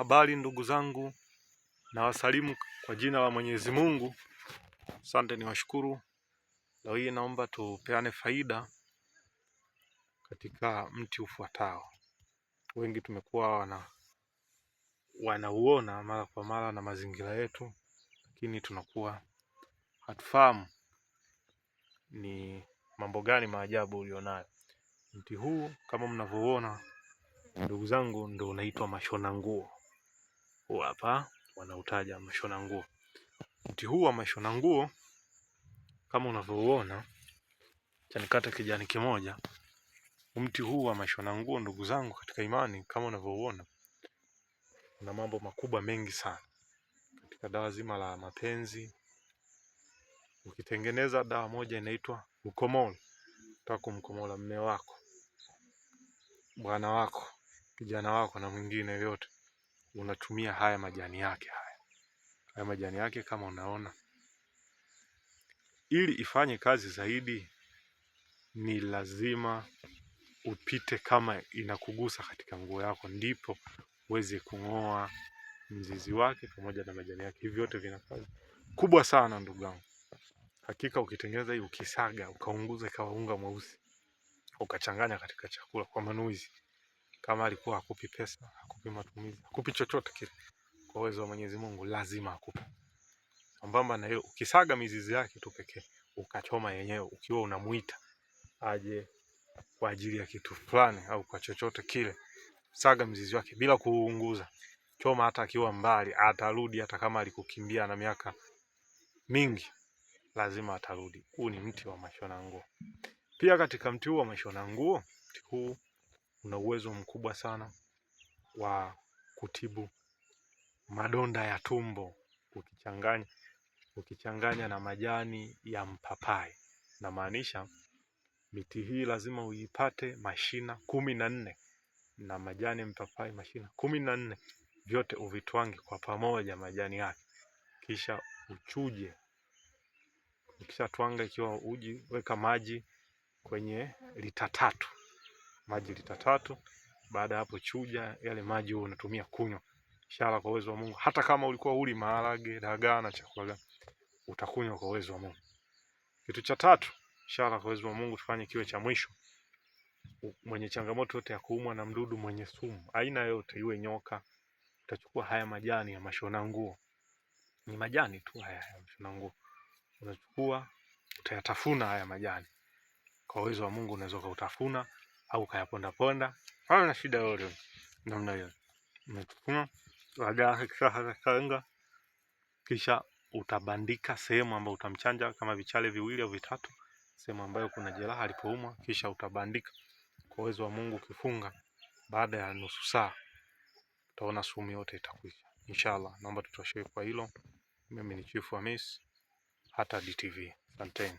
Habari ndugu zangu, na wasalimu kwa jina la Mwenyezi Mungu. Asante, washukuru Leo hii naomba tupeane faida katika mti ufuatao. Wengi tumekuwa wana wanauona mara kwa mara na mazingira yetu, lakini tunakuwa hatufahamu ni mambo gani maajabu ulionayo. Mti huu kama mnavyouona ndugu zangu, ndo unaitwa mashona nguo. Huu hapa wanautaja mashona nguo. Mti huu wa mashona nguo kama unavyouona, acha kijani kimoja. Mti huu wa mashona nguo, ndugu zangu katika imani, kama unavyouona, una mambo makubwa mengi sana katika dawa zima la mapenzi. Ukitengeneza dawa moja inaitwa ukomolo, utaka kumkomola mme wako, bwana wako, kijana wako na mwingine yoyote unatumia haya majani yake haya haya majani yake kama unaona, ili ifanye kazi zaidi ni lazima upite kama inakugusa katika nguo yako, ndipo uweze kung'oa mzizi wake pamoja na majani yake. Hivi vyote vina kazi kubwa sana, ndugu yangu. Hakika ukitengeneza hii, ukisaga, ukaunguza, ikawa unga mweusi, ukachanganya katika chakula kwa manuizi, kama alikuwa akupi pesa, akupi matumizi, akupi chochote kile, kwa uwezo wa Mwenyezi Mungu lazima akupe. Sambamba na hiyo, ukisaga mizizi yake tu pekee ukachoma yenyewe, ukiwa unamuita aje kwa ajili ya kitu fulani au kwa chochote kile, saga mzizi wake bila kuunguza, choma hata akiwa mbali, atarudi. Hata kama alikukimbia na miaka mingi, lazima atarudi. Huu ni mti wa mashona nguo. Pia katika mti huu wa mashona nguo, mti huu una uwezo mkubwa sana wa kutibu madonda ya tumbo ukichanganya ukichanganya na majani ya mpapai. Namaanisha miti hii lazima uipate mashina kumi na nne na majani mpapai mashina kumi na nne vyote uvitwange kwa pamoja majani yake, kisha uchuje. Ukishatwanga ikiwa uji, weka maji kwenye lita tatu maji lita tatu. Baada hapo chuja yale maji, huo unatumia kunywa. Ishara kwa uwezo wa Mungu, hata kama ulikuwa uli maharage, dagaa na chakula gani, utakunywa kwa uwezo wa Mungu. Kitu cha tatu, ishara kwa uwezo wa Mungu, tufanye kiwe cha mwisho. Mwenye changamoto yote ya kuumwa na mdudu mwenye sumu aina yote, iwe nyoka, utachukua haya majani ya mashona nguo, ni majani tu haya ya mashona nguo, unachukua utayatafuna haya majani, kwa uwezo wa Mungu unaweza kutafuna au kayaponda ponda, hawana shida yoyote namna hiyo. Umetukuma baada kisha kisha utabandika sehemu ambayo utamchanja kama vichale viwili au vitatu, sehemu ambayo kuna jeraha alipoumwa, kisha utabandika kwa uwezo wa Mungu. Ukifunga baada ya nusu saa utaona sumu yote itakwisha inshallah. Naomba tutoshee kwa hilo. Mimi ni Chifu Hamis, Hatad TV. Asanteni.